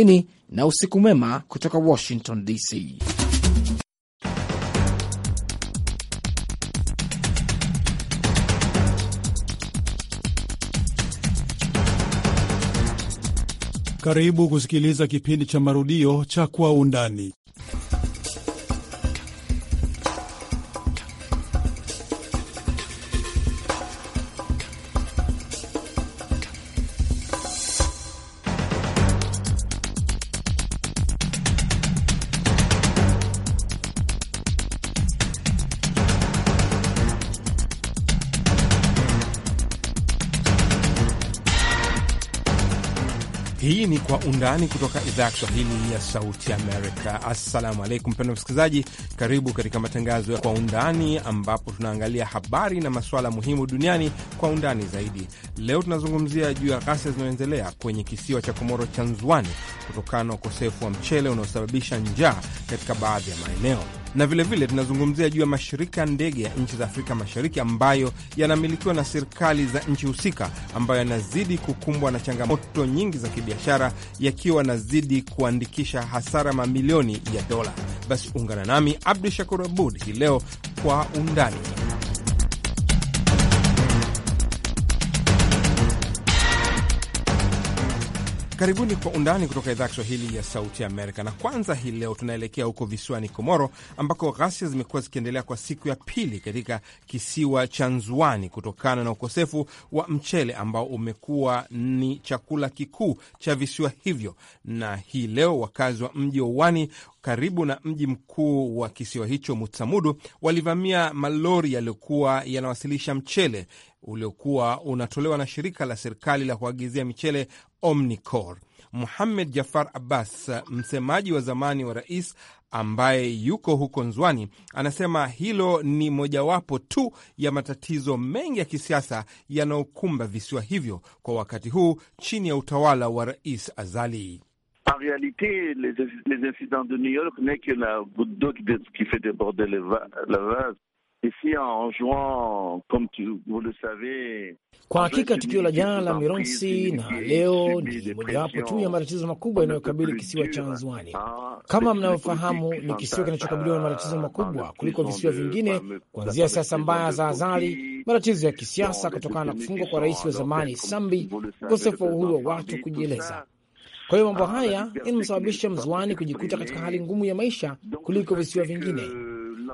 ini na usiku mwema kutoka Washington DC. Karibu kusikiliza kipindi cha marudio cha Kwa Undani. Kwa Undani kutoka idhaa ya Kiswahili ya Sauti Amerika. Assalamu alaikum, mpendwa msikilizaji, karibu katika matangazo ya Kwa Undani ambapo tunaangalia habari na masuala muhimu duniani kwa undani zaidi. Leo tunazungumzia juu ya ghasia zinayoendelea kwenye kisiwa cha Komoro cha Nzwani kutokana na ukosefu wa mchele unaosababisha njaa katika baadhi ya maeneo na vilevile tunazungumzia juu ya mashirika ndege ya nchi za Afrika Mashariki ambayo yanamilikiwa na serikali za nchi husika, ambayo yanazidi kukumbwa na changamoto nyingi za kibiashara, yakiwa yanazidi kuandikisha hasara mamilioni ya dola. Basi ungana nami Abdu Shakur Abud hii leo kwa undani Karibuni kwa undani kutoka idhaa ya Kiswahili ya Sauti Amerika. Na kwanza hii leo tunaelekea huko visiwani Komoro, ambako ghasia zimekuwa zikiendelea kwa siku ya pili katika kisiwa cha Nzwani kutokana na ukosefu wa mchele ambao umekuwa ni chakula kikuu cha visiwa hivyo. Na hii leo wakazi wa mji wa Uwani karibu na mji mkuu wa kisiwa hicho Mutsamudu walivamia malori yaliyokuwa yanawasilisha mchele uliokuwa unatolewa na shirika la serikali la kuagizia michele Omnicor. Muhammed Jafar Abbas, msemaji wa zamani wa rais ambaye yuko huko Nzwani, anasema hilo ni mojawapo tu ya matatizo mengi ya kisiasa yanayokumba visiwa hivyo kwa wakati huu chini ya utawala wa Rais Azali. Ici en juin comme tu, vous le savez. Kwa hakika tukio la jana la Mironsi na leo ni mojawapo tu ya matatizo makubwa yanayokabili kisiwa cha nzwani ah, Kama mnavyofahamu, ni kisiwa kinachokabiliwa na matatizo makubwa euh, kuliko visiwa vingine, kuanzia siasa mbaya za azali, matatizo ya kisiasa kutokana na kufungwa kwa rais wa zamani Sambi, ukosefu wa uhuru wa watu kujieleza. Kwa hiyo mambo haya yaani yanamsababisha Mzwani kujikuta katika hali ngumu ya maisha kuliko visiwa vingine.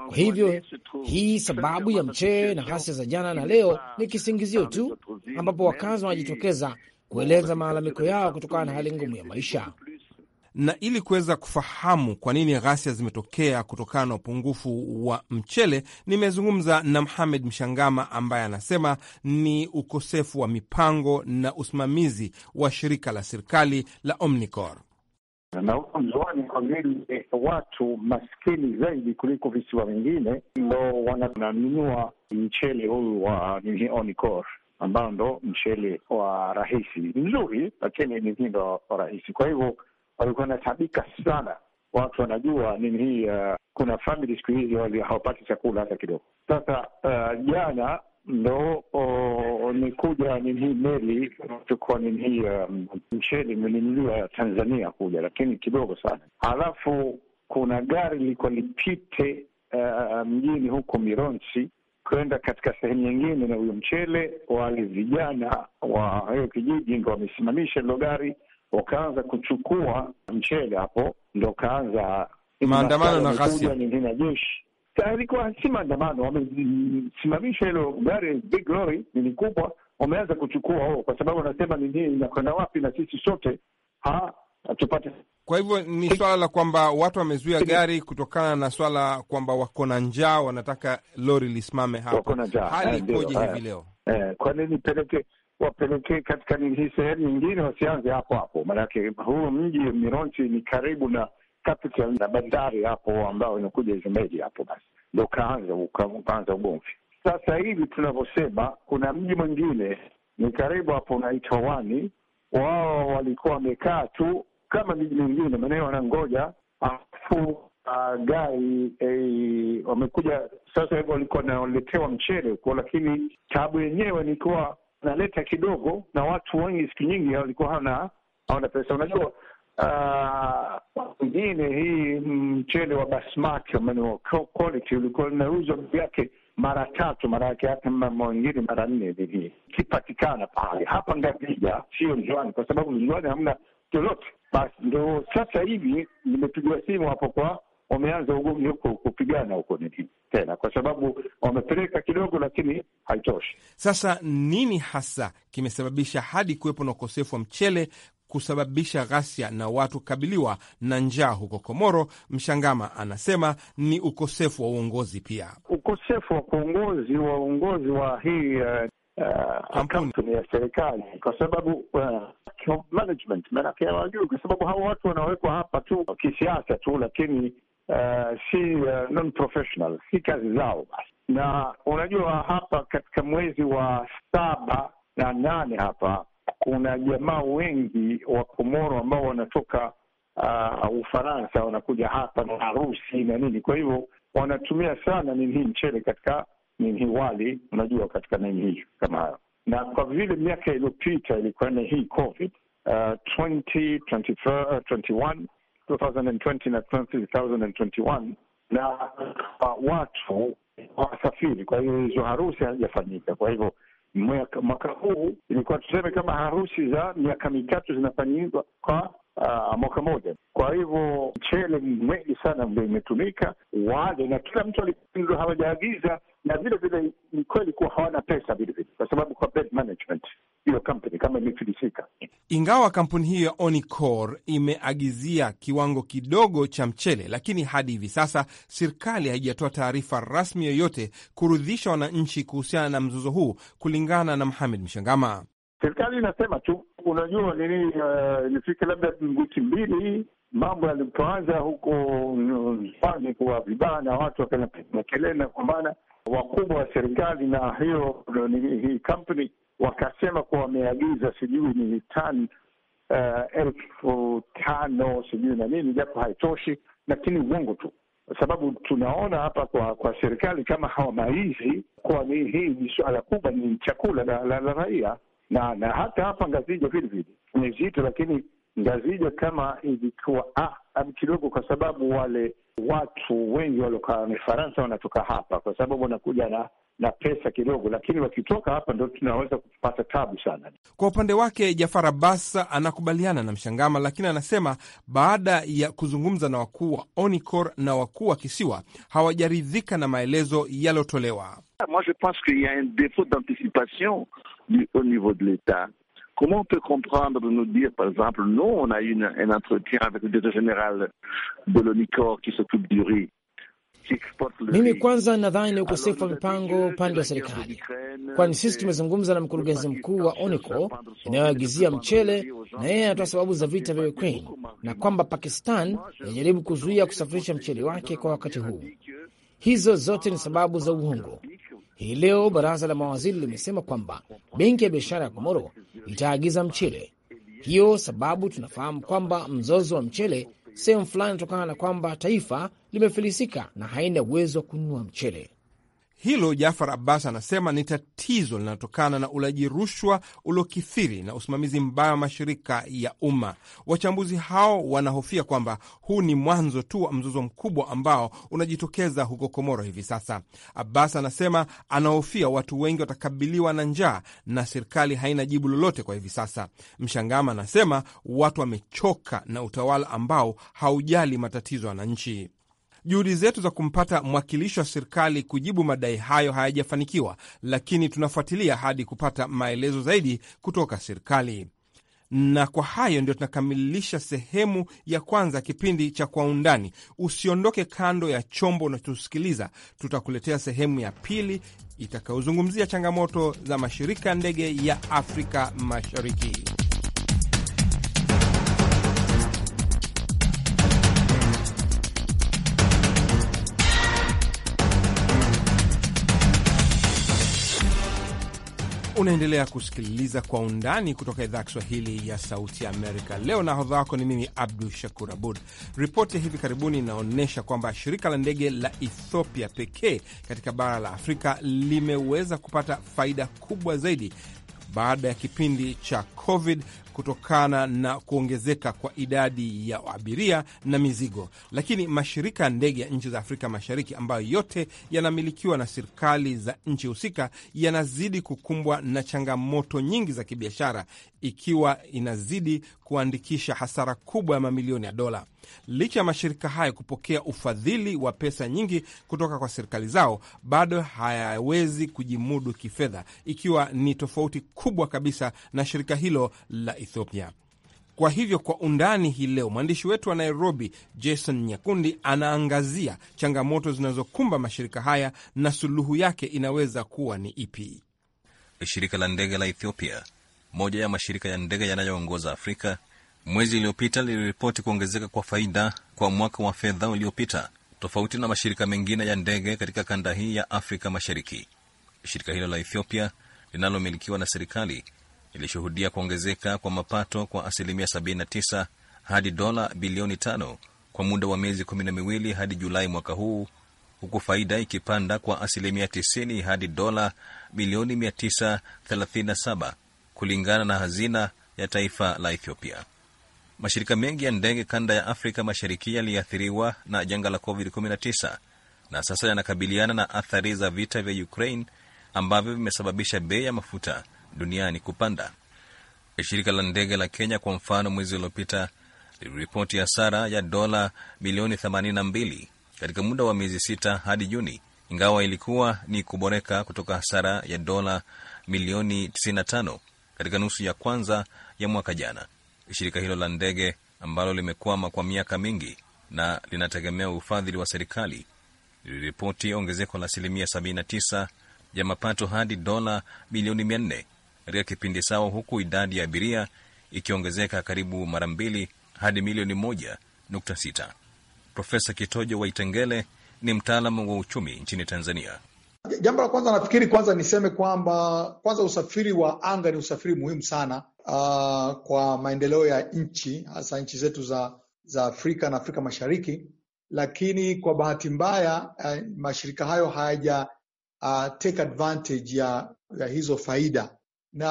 Kwa hivyo hii sababu ya mchee na ghasia za jana na leo ni kisingizio tu, ambapo wakazi wanajitokeza kueleza malalamiko yao kutokana na hali ngumu ya maisha. Na ili kuweza kufahamu kwa nini ghasia zimetokea kutokana na upungufu wa mchele, nimezungumza na Mohamed Mshangama ambaye anasema ni ukosefu wa mipango na usimamizi wa shirika la serikali la Omnicor. Bangeli eh, watu maskini zaidi kuliko visiwa vingine ndo wananunua mchele huyu wa Onikor ambao ndo mchele wa rahisi mzuri, lakini ni ndo rahisi. Kwa hivyo walikuwa wanatabika sana, watu wanajua nini hii. Uh, kuna famili siku hizi hawapati chakula hata kidogo. Sasa uh, jana Ndo ni kuja ninihii meli tukuwa ninihii mchele um, imenunuliwa Tanzania kuja, lakini kidogo sana. Halafu kuna gari lilikuwa lipite uh, mjini huko Mironsi kwenda katika sehemu nyingine, na huyo mchele wale vijana wa hiyo kijiji ndo wamesimamisha hilo gari, wakaanza kuchukua mchele hapo, ndo kaanza maandamano na ghasia. Jeshi alikuwa si maandamano, wamesimamisha hilo gari, big lori ni kubwa, wameanza kuchukua o, kwa sababu wanasema nini, inakwenda wapi na sisi sote hatupate. Kwa hivyo ni swala la kwamba watu wamezuia gari kutokana na swala kwamba wako na njaa, wanataka lori lisimame hapo. Hali eh, ikoje hivi eh. leo? Eh, kwa nini peleke wapelekee katika hii sehemu nyingine, wasianze hapo hapo, maanake huu mji Mironchi ni karibu na Capital na bandari hapo ambao inakuja Izumaili hapo, basi ndo kaanza ukaanza ugomvi. Sasa hivi tunavyosema, kuna mji mwingine ni karibu hapo unaitwa Wani. Wao walikuwa wamekaa tu kama miji mingine, maanake wanangoja afu Uh, ah, gari eh, wamekuja sasa hivi, walikuwa wanaletewa mchele huko, lakini tabu yenyewe kuwa naleta kidogo, na watu wengi siku nyingi walikuwa hawana hawana pesa. Unajua Ah, wengine uh, hii mchele wa basmati quality ulikuwa linauzwa bei yake mara tatu, mara yake hata mwingine mara nne hivi, kipatikana pale hapa Ngavija, sio Nzwani, kwa sababu Nzwani hamna lolote. Basi ndo sasa hivi nimepigwa simu hapo kwa wameanza ugomvi huko kupigana huko nini tena, kwa sababu wamepeleka kidogo, lakini haitoshi. Sasa nini hasa kimesababisha hadi kuwepo na ukosefu wa mchele kusababisha ghasia na watu kabiliwa na njaa huko Komoro. Mshangama anasema ni ukosefu wa uongozi pia, ukosefu wa kuongozi wa uongozi wa hii uh... Uh, kampuni ya serikali kwa sababu uh, management maanake hawajui, kwa sababu hawa watu wanawekwa hapa tu kisiasa tu, lakini uh, si uh, non professional, si kazi zao basi. Na unajua hapa katika mwezi wa saba na nane hapa kuna jamaa wengi wa Komoro ambao wanatoka uh, Ufaransa wanakuja hapa na harusi na nini, kwa hivyo wanatumia sana nini hii mchele katika nini hii wali, unajua katika nini hii kama hayo. Na kwa vile miaka iliyopita ilikuwa na hii COVID uh, 2021 2020 na 2021 na uh, watu hawasafiri, kwa hiyo hizo harusi hazijafanyika, kwa hivyo mwaka huu ilikuwa tuseme kama harusi za miaka mitatu zinafanyizwa kwa Uh, mwaka moja. Kwa hivyo mchele mwengi sana ndio imetumika wale, na kila mtu alipindwa, hawajaagiza na vile vile ni kweli kuwa hawana pesa vile vile, kwa sababu kwa bad management hiyo kampuni kama imefilisika. Ingawa kampuni hiyo ya Onicor imeagizia kiwango kidogo cha mchele, lakini hadi hivi sasa serikali haijatoa taarifa rasmi yoyote kurudhisha wananchi kuhusiana na mzozo huu. Kulingana na Mohamed Mshangama, serikali inasema tu, unajua nini, uh, eh, ilifika labda wiki mbili mambo yalipoanza huko Pwani kuwa vibaya na watu wakanapiga kelele na kupambana, wakubwa wa serikali na hiyo hii kampuni wakasema kuwa wameagiza sijui ni tani uh, eh, elfu tano sijui na nini, japo haitoshi, lakini uongo tu, kwa sababu tunaona hapa kwa kwa serikali kama hawamaizi kuwa ni hii ni suala kubwa, ni chakula la raia na, na hata hapa Ngazija vile vile ni zito, lakini Ngazija kama ilikuwa ah, kidogo, kwa sababu wale watu wengi waliokaa Mifaransa wanatoka hapa, kwa sababu wanakuja na na pesa kidogo, lakini wakitoka hapa ndo tunaweza kupata tabu sana. Kwa upande wake, Jafar Abbas anakubaliana na Mshangama, lakini anasema baada ya kuzungumza na wakuu wa Onicor na wakuu wa kisiwa hawajaridhika na maelezo yaliyotolewa. Moi je pense qu'il y a un d'anticipation au niveau de l'etat Comment on peut comprendre de nous dire, par exemple, nous, on a eu un entretien avec le directeur général de l'ONICOR qui s'occupe du riz mimi kwanza nadhani ni ukosefu wa mipango upande wa serikali, kwani sisi tumezungumza na mkurugenzi mkuu wa ONICO inayoagizia mchele na yeye anatoa sababu za vita vya Ukraine na kwamba Pakistan inajaribu kuzuia kusafirisha mchele wake kwa wakati huu. Hizo zote ni sababu za uongo, hii leo baraza la mawaziri limesema kwamba benki ya biashara ya Komoro itaagiza mchele. Hiyo sababu tunafahamu kwamba mzozo wa mchele sehemu fulani inatokana na kwamba taifa limefilisika na haina uwezo wa kununua mchele. Hilo Jafar Abbas anasema ni tatizo linalotokana na ulaji rushwa uliokithiri na usimamizi mbaya wa mashirika ya umma. Wachambuzi hao wanahofia kwamba huu ni mwanzo tu wa mzozo mkubwa ambao unajitokeza huko Komoro hivi sasa. Abbas anasema anahofia watu wengi watakabiliwa na njaa na serikali haina jibu lolote kwa hivi sasa. Mshangama anasema watu wamechoka na utawala ambao haujali matatizo ya wananchi. Juhudi zetu za kumpata mwakilishi wa serikali kujibu madai hayo hayajafanikiwa, lakini tunafuatilia hadi kupata maelezo zaidi kutoka serikali. Na kwa hayo ndio tunakamilisha sehemu ya kwanza ya kipindi cha Kwa Undani. Usiondoke kando ya chombo unachosikiliza, tutakuletea sehemu ya pili itakayozungumzia changamoto za mashirika ya ndege ya Afrika Mashariki. Unaendelea kusikiliza Kwa Undani kutoka idhaa ya Kiswahili ya Sauti ya Amerika. Leo nahodha wako ni mimi Abdu Shakur Abud. Ripoti ya hivi karibuni inaonyesha kwamba shirika la ndege la Ethiopia pekee katika bara la Afrika limeweza kupata faida kubwa zaidi baada ya kipindi cha COVID kutokana na kuongezeka kwa idadi ya abiria na mizigo, lakini mashirika ya ndege ya nchi za Afrika Mashariki ambayo yote yanamilikiwa na serikali za nchi husika yanazidi kukumbwa na changamoto nyingi za kibiashara, ikiwa inazidi kuandikisha hasara kubwa ya mamilioni ya dola. Licha ya mashirika haya kupokea ufadhili wa pesa nyingi kutoka kwa serikali zao, bado hayawezi kujimudu kifedha, ikiwa ni tofauti kubwa kabisa na shirika hilo la Ethiopia. Kwa hivyo kwa undani hii leo mwandishi wetu wa Nairobi, Jason Nyakundi, anaangazia changamoto zinazokumba mashirika haya na suluhu yake inaweza kuwa ni ipi. Shirika la ndege la Ethiopia, moja ya mashirika ya ndege yanayoongoza Afrika, mwezi uliopita liliripoti kuongezeka kwa faida kwa mwaka wa fedha uliopita, tofauti na mashirika mengine ya ndege katika kanda hii ya Afrika Mashariki. Shirika hilo la Ethiopia linalomilikiwa na serikali lilishuhudia kuongezeka kwa mapato kwa asilimia 79 hadi dola bilioni 5 kwa muda wa miezi kumi na miwili hadi Julai mwaka huu, huku faida ikipanda kwa asilimia 90 hadi dola bilioni 937 kulingana na hazina ya taifa la Ethiopia. Mashirika mengi ya ndege kanda ya Afrika Mashariki yaliathiriwa na janga la COVID-19 na sasa yanakabiliana na athari za vita vya Ukraine ambavyo vimesababisha bei ya mafuta duniani kupanda. Shirika la ndege la Kenya kwa mfano, mwezi uliopita liliripoti hasara ya dola milioni 82 katika muda wa miezi sita hadi Juni, ingawa ilikuwa ni kuboreka kutoka hasara ya dola milioni 95 katika nusu ya kwanza ya mwaka jana shirika hilo la ndege ambalo limekwama kwa miaka mingi na linategemea ufadhili wa serikali liliripoti ongezeko la asilimia 79 ya mapato hadi dola milioni 400 katika kipindi sawa, huku idadi ya abiria ikiongezeka karibu mara mbili hadi milioni 1.6. Profesa Kitojo Waitengele ni mtaalamu wa uchumi nchini Tanzania. Jambo la kwanza nafikiri, kwanza niseme kwamba kwanza usafiri wa anga ni usafiri muhimu sana uh, kwa maendeleo ya nchi hasa nchi zetu za, za Afrika na Afrika Mashariki, lakini kwa bahati mbaya uh, mashirika hayo hayaja uh, take advantage ya, ya hizo faida, na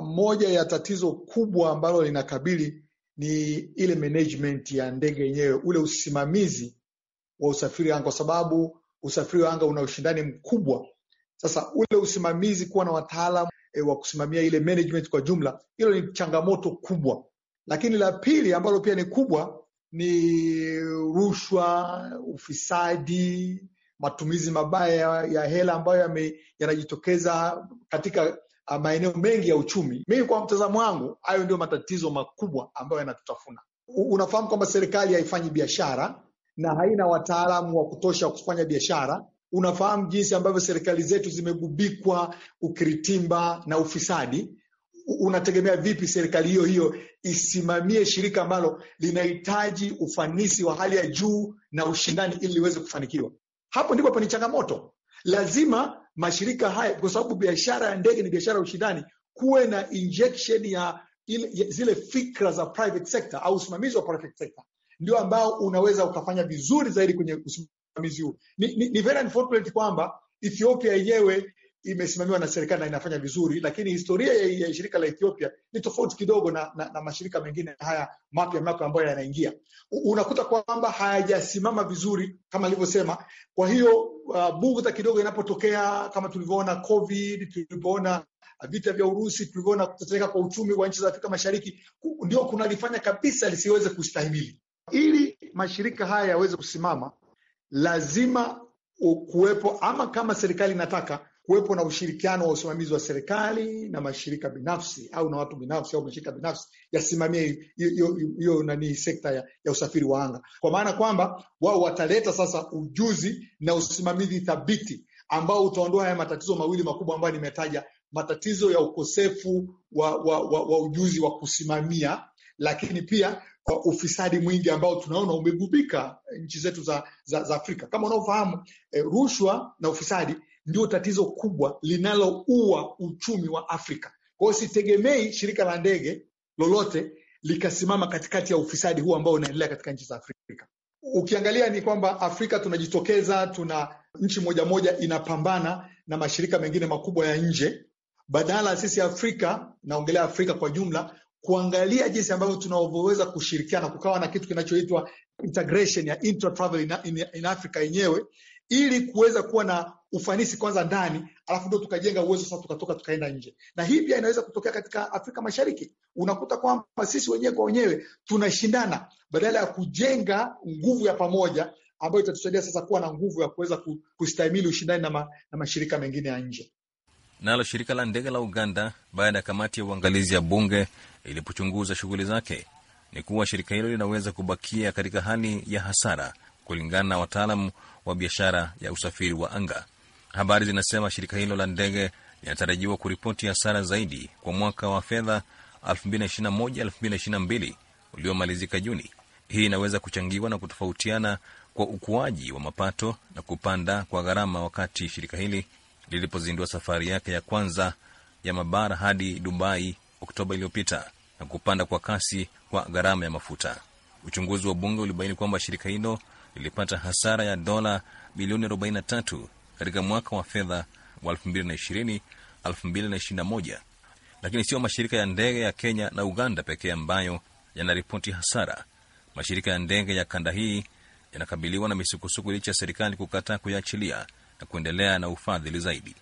moja ya tatizo kubwa ambalo linakabili ni ile management ya ndege yenyewe, ule usimamizi wa usafiri anga, kwa sababu usafiri wa anga una ushindani mkubwa. Sasa ule usimamizi, kuwa na wataalamu e, wa kusimamia ile management kwa jumla. Hilo ni changamoto kubwa, lakini la pili ambalo pia ni kubwa ni rushwa, ufisadi, matumizi mabaya ya hela ambayo yanajitokeza katika ah, maeneo mengi ya uchumi. Mimi kwa mtazamo wangu, hayo ndio matatizo makubwa ambayo yanatutafuna. Unafahamu kwamba serikali haifanyi biashara na haina wataalamu wa kutosha wa kufanya biashara unafahamu jinsi ambavyo serikali zetu zimegubikwa ukiritimba na ufisadi. Unategemea vipi serikali hiyo hiyo isimamie shirika ambalo linahitaji ufanisi wa hali ya juu na ushindani ili liweze kufanikiwa? Hapo ndipo pani changamoto. Lazima mashirika haya, kwa sababu biashara ya ndege ni biashara ya ushindani, kuwe na injection ya ile, zile fikra za private sector au usimamizi wa private sector ndio ambao unaweza ukafanya vizuri zaidi kwenye usimamizi huu. Ni, ni, ni very unfortunate kwamba Ethiopia yenyewe imesimamiwa na serikali na inafanya vizuri, lakini historia ya, ya shirika la Ethiopia ni tofauti kidogo na, na, na mashirika mengine haya mapya mapya ambayo yanaingia, unakuta kwamba hayajasimama vizuri kama alivyosema. Kwa hiyo uh, bugudha kidogo inapotokea kama tulivyoona COVID, tulivyoona vita vya Urusi, tulivyoona kutetereka kwa uchumi wa nchi za Afrika Mashariki, ndio kunalifanya kabisa lisiweze kustahimili. Ili mashirika haya yaweze kusimama, lazima kuwepo ama, kama serikali inataka kuwepo na ushirikiano wa usimamizi wa serikali na mashirika binafsi au na watu binafsi au mashirika binafsi yasimamie hiyo nani sekta ya, ya usafiri wa anga, kwa maana kwamba wao wataleta sasa ujuzi na usimamizi thabiti ambao utaondoa haya matatizo mawili makubwa ambayo nimetaja, matatizo ya ukosefu wa, wa, wa, wa ujuzi wa kusimamia, lakini pia kwa ufisadi mwingi ambao tunaona umegubika eh, nchi zetu za, za, za Afrika. Kama unaofahamu eh, rushwa na ufisadi ndio tatizo kubwa linaloua uchumi wa Afrika. Kwa hiyo sitegemei shirika la ndege lolote likasimama katikati ya ufisadi huu ambao unaendelea katika nchi za Afrika. Ukiangalia ni kwamba Afrika tunajitokeza, tuna nchi moja moja inapambana na mashirika mengine makubwa ya nje, badala sisi Afrika, naongelea Afrika kwa jumla, kuangalia jinsi ambavyo tunavyoweza kushirikiana, kukawa na kitu kinachoitwa integration ya intra travel in, in, in Africa yenyewe ili kuweza kuwa na ufanisi kwanza ndani, alafu ndio tukajenga uwezo sasa, tukatoka tukaenda nje. Na hii pia inaweza kutokea katika Afrika Mashariki. Unakuta kwamba sisi wenyewe kwa wenyewe tunashindana badala ya kujenga nguvu ya pamoja ambayo itatusaidia sasa kuwa na nguvu ya kuweza kustahimili ushindani na, ma, na mashirika mengine ya nje nalo shirika la ndege la Uganda baada ya kamati ya uangalizi ya bunge ilipochunguza shughuli zake ni kuwa shirika hilo linaweza kubakia katika hali ya hasara kulingana na wataalamu wa biashara ya usafiri wa anga. Habari zinasema shirika hilo la ndege linatarajiwa kuripoti hasara zaidi kwa mwaka wa fedha 2021-2022 uliomalizika Juni. Hii inaweza kuchangiwa na kutofautiana kwa ukuaji wa mapato na kupanda kwa gharama, wakati shirika hili lilipozindua safari yake ya kwanza ya mabara hadi Dubai Oktoba iliyopita na kupanda kwa kasi kwa gharama ya mafuta. Uchunguzi wa bunge ulibaini kwamba shirika hilo lilipata hasara ya dola bilioni 43 katika mwaka wa fedha wa 2020 2021, lakini sio mashirika ya ndege ya Kenya na Uganda pekee ambayo yanaripoti hasara. Mashirika ya ndege ya kanda hii yanakabiliwa na misukosuko licha ya serikali kukataa kuyaachilia na kuendelea na ufadhili zaidi.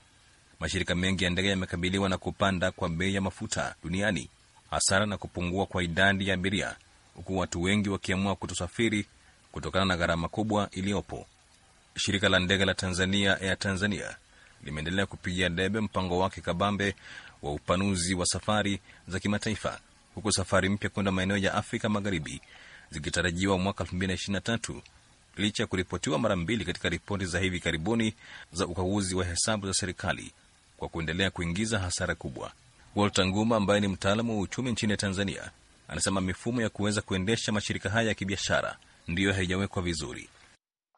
Mashirika mengi ya ndege yamekabiliwa na kupanda kwa bei ya mafuta duniani, hasara na kupungua kwa idadi ya abiria, huku watu wengi wakiamua kutosafiri kutokana na gharama kubwa iliyopo. Shirika la ndege la Tanzania, Air Tanzania, limeendelea kupigia debe mpango wake kabambe wa upanuzi wa safari za kimataifa, huku safari mpya kwenda maeneo ya Afrika Magharibi zikitarajiwa mwaka licha ya kuripotiwa mara mbili katika ripoti za hivi karibuni za ukaguzi wa hesabu za serikali kwa kuendelea kuingiza hasara kubwa. Walter Nguma ambaye ni mtaalamu wa uchumi nchini Tanzania anasema mifumo ya kuweza kuendesha mashirika haya ya kibiashara ndiyo haijawekwa vizuri.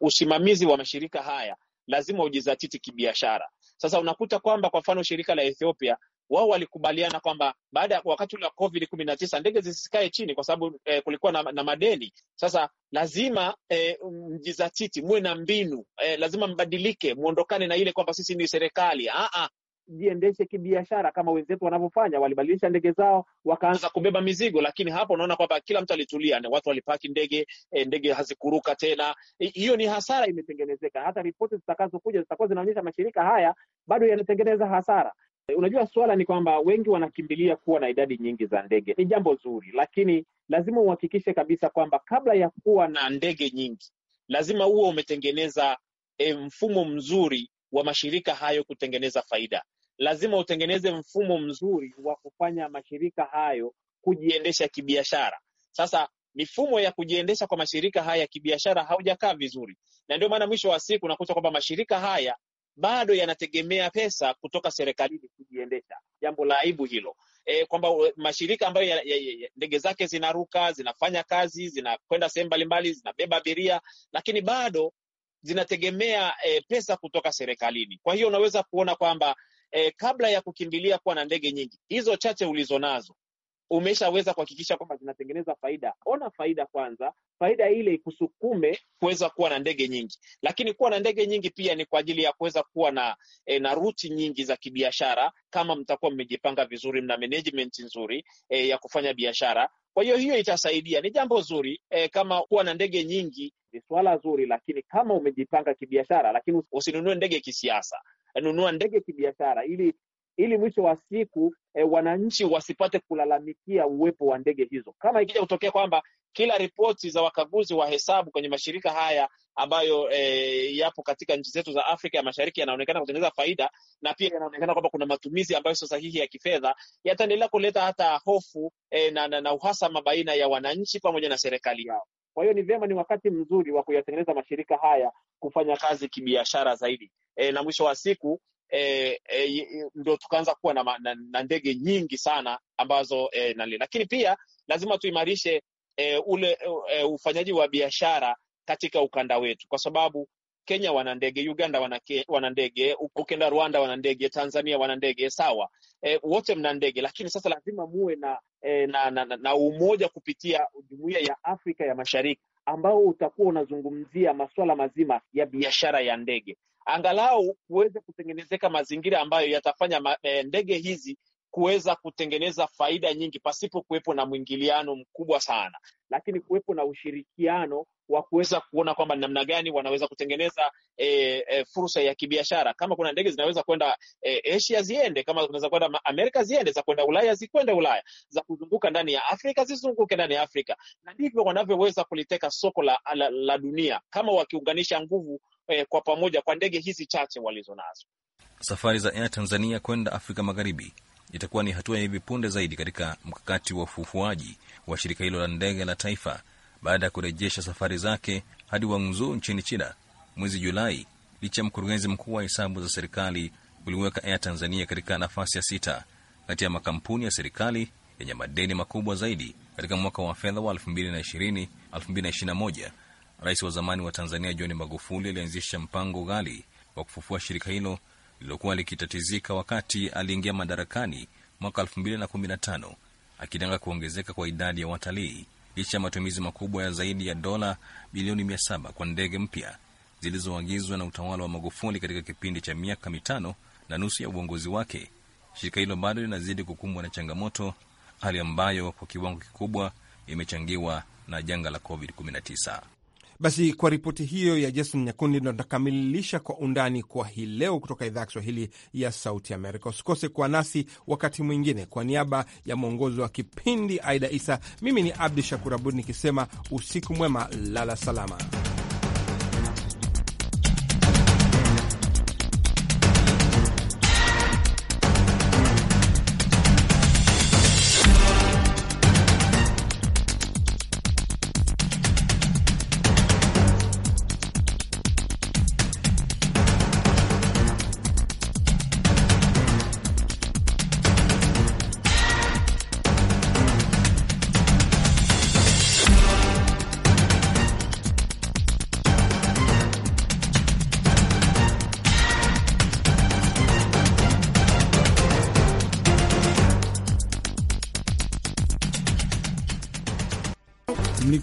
Usimamizi wa mashirika haya lazima ujizatiti kibiashara. Sasa unakuta kwamba kwa mfano shirika la Ethiopia wao walikubaliana kwamba baada ya wakati ule wa COVID kumi na tisa ndege zisikae chini kwa sababu eh, kulikuwa na, na madeni. Sasa lazima eh, mjizatiti muwe na mbinu eh, lazima mbadilike, mwondokane na ile kwamba sisi ni serikali ah -ah. Jiendeshe kibiashara kama wenzetu wanavyofanya. Walibadilisha ndege zao wakaanza kubeba mizigo, lakini hapo unaona kwamba kila mtu alitulia, watu walipaki ndege, eh, ndege hazikuruka tena. Hiyo ni hasara imetengenezeka. Hata ripoti zitakazokuja zitakuwa zinaonyesha mashirika haya bado yanatengeneza hasara. Unajua, swala ni kwamba wengi wanakimbilia kuwa na idadi nyingi za ndege. Ni jambo zuri, lakini lazima uhakikishe kabisa kwamba kabla ya kuwa na ndege nyingi, lazima uwe umetengeneza e, mfumo mzuri wa mashirika hayo kutengeneza faida. Lazima utengeneze mfumo mzuri wa kufanya mashirika hayo kujiendesha kibiashara. Sasa mifumo ya kujiendesha kwa mashirika haya ya kibiashara haujakaa vizuri, na ndio maana mwisho wa siku unakuta kwamba mashirika haya bado yanategemea pesa kutoka serikalini kujiendesha. Jambo la aibu hilo e, kwamba mashirika ambayo ndege zake zinaruka zinafanya kazi zinakwenda sehemu mbalimbali zinabeba abiria, lakini bado zinategemea e, pesa kutoka serikalini. Kwa hiyo unaweza kuona kwamba e, kabla ya kukimbilia kuwa na ndege nyingi, hizo chache ulizonazo umeshaweza kuhakikisha kwamba zinatengeneza faida. Ona faida kwanza, faida ile ikusukume kuweza kuwa na ndege nyingi, lakini kuwa na ndege nyingi pia ni kwa ajili ya kuweza kuwa na e, na ruti nyingi za kibiashara, kama mtakuwa mmejipanga vizuri, mna management nzuri e, ya kufanya biashara. Kwa hiyo hiyo itasaidia, ni jambo zuri e, kama kuwa na ndege nyingi ni swala zuri, lakini kama umejipanga kibiashara, lakini usinunue ndege kisiasa, nunua ndege kibiashara, ili ili mwisho wa siku e, wananchi wasipate kulalamikia uwepo wa ndege hizo. Kama ikija kutokea kwamba kila ripoti za wakaguzi wa hesabu kwenye mashirika haya ambayo e, yapo katika nchi zetu za Afrika ya Mashariki yanaonekana kutengeneza faida na pia yanaonekana kwamba kuna matumizi ambayo sio sahihi ya kifedha, yataendelea kuleta hata hofu e, na, na, na uhasama baina ya wananchi pamoja na serikali yao. Kwa hiyo ni vyema, ni wakati mzuri wa kuyatengeneza mashirika haya kufanya kazi kibiashara zaidi e, na mwisho wa siku e, eh, e, eh, ndo tukaanza kuwa na, na, na ndege nyingi sana ambazo e, eh, nali. Lakini pia lazima tuimarishe e, ule e, ufanyaji wa biashara katika ukanda wetu, kwa sababu Kenya wana ndege, Uganda wana ndege, ukenda Rwanda wana ndege, Tanzania wana ndege, sawa e, wote mna ndege, lakini sasa lazima muwe na, e, na, na, na, na umoja kupitia jumuia ya Afrika ya Mashariki ambao utakuwa unazungumzia masuala mazima ya biashara ya ndege angalau kuweze kutengenezeka mazingira ambayo yatafanya ma, eh, ndege hizi kuweza kutengeneza faida nyingi pasipo kuwepo na mwingiliano mkubwa sana, lakini kuwepo na ushirikiano wa kuweza kuona kwamba ni namna gani wanaweza kutengeneza e, e, fursa ya kibiashara. Kama kuna ndege zinaweza kwenda e, Asia ziende, kama zinaweza kwenda Amerika ziende, za kwenda Ulaya zikwende Ulaya, za kuzunguka ndani ya Afrika zizunguke ndani ya Afrika, na ndivyo wanavyoweza kuliteka soko la, la, la dunia kama wakiunganisha nguvu eh, kwa pamoja kwa ndege hizi chache walizonazo. Safari za Air Tanzania kwenda Afrika Magharibi itakuwa ni hatua ya hivi punde zaidi katika mkakati wa ufufuaji wa shirika hilo la ndege la taifa baada ya kurejesha safari zake hadi Guangzhou nchini China mwezi Julai, licha ya mkurugenzi mkuu wa hesabu za serikali kuliweka Air Tanzania katika nafasi ya sita kati ya makampuni ya serikali yenye madeni makubwa zaidi katika mwaka wa fedha wa 2020 2021 Rais wa zamani wa Tanzania John Magufuli alianzisha mpango ghali wa kufufua shirika hilo lililokuwa likitatizika wakati aliingia madarakani mwaka 2015 akitanga kuongezeka kwa idadi ya watalii licha ya matumizi makubwa ya zaidi ya dola bilioni 700 kwa ndege mpya zilizoagizwa na utawala wa Magufuli katika kipindi cha miaka mitano na nusu ya uongozi wake. Shirika hilo bado linazidi kukumbwa na changamoto, hali ambayo kwa kiwango kikubwa imechangiwa na janga la COVID-19. Basi kwa ripoti hiyo ya Jason Nyakundi ndo kwa undani kwa hii leo kutoka idhaa ya Kiswahili ya Sauti Amerika. Usikose kuwa nasi wakati mwingine. Kwa niaba ya mwongozi wa kipindi Aida Isa, mimi ni Abdu Shakur Abud nikisema usiku mwema, lala salama.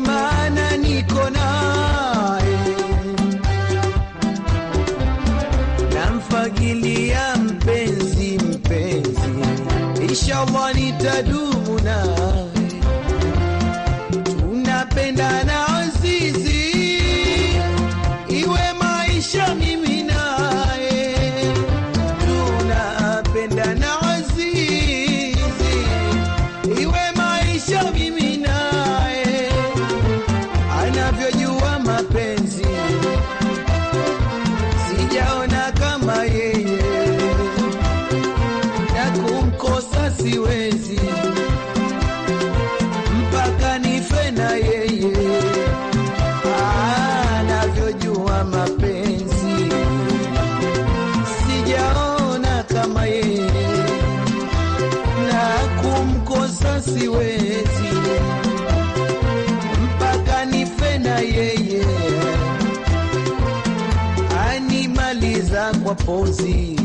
ndio maana niko naye, namfagilia mpenzi mpenzi, inshallah nitadu kukosa siwezi, mpaka nife na yeye animaliza kwa pozi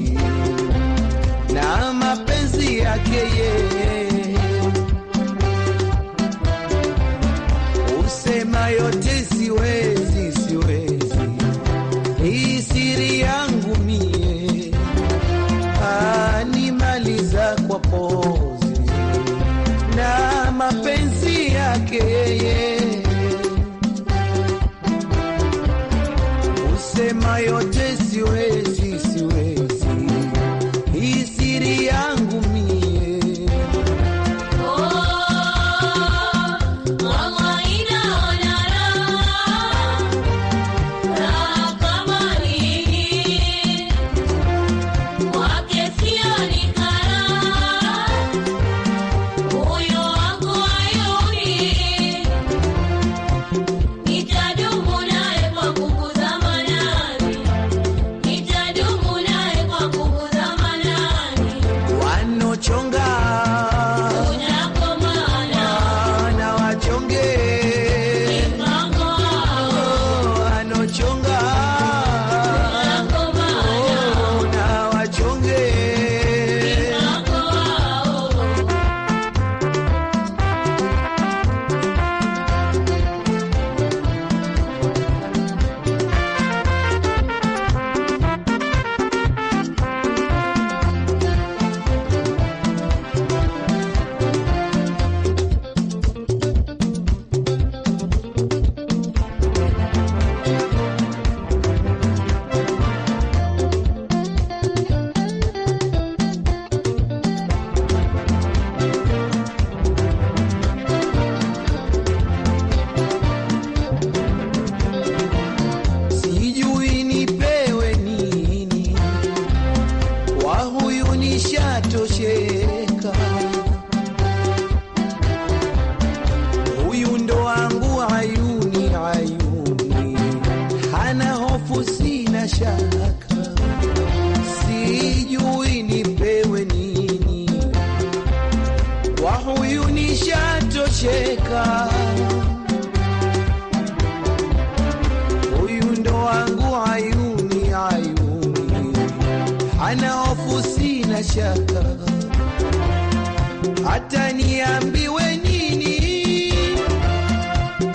na mapenzi yake yeye yeah, yeah.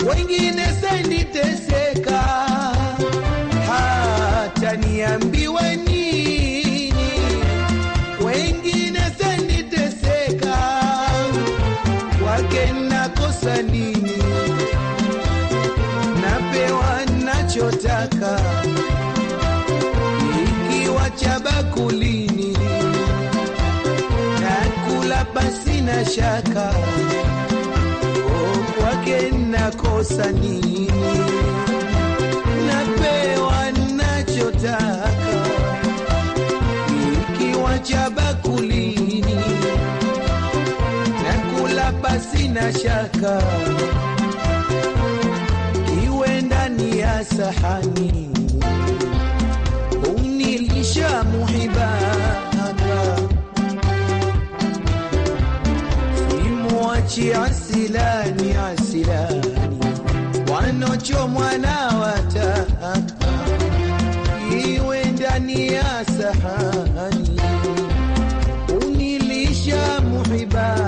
wengine teseka, hata niambiwe nini, wengine teseka, wake nakosa nini? Napewa nachotaka ikiwa cha bakulini, nakula na shaka nakosa nini? Napewa nachotaka nikiwa cha bakulini, nakula pasi na shaka, iwe ndani ya sahani, unilisha muhiba wananchi asilani asilani wanochomwa na wataka iwe ndani ya sahani unilisha muhiba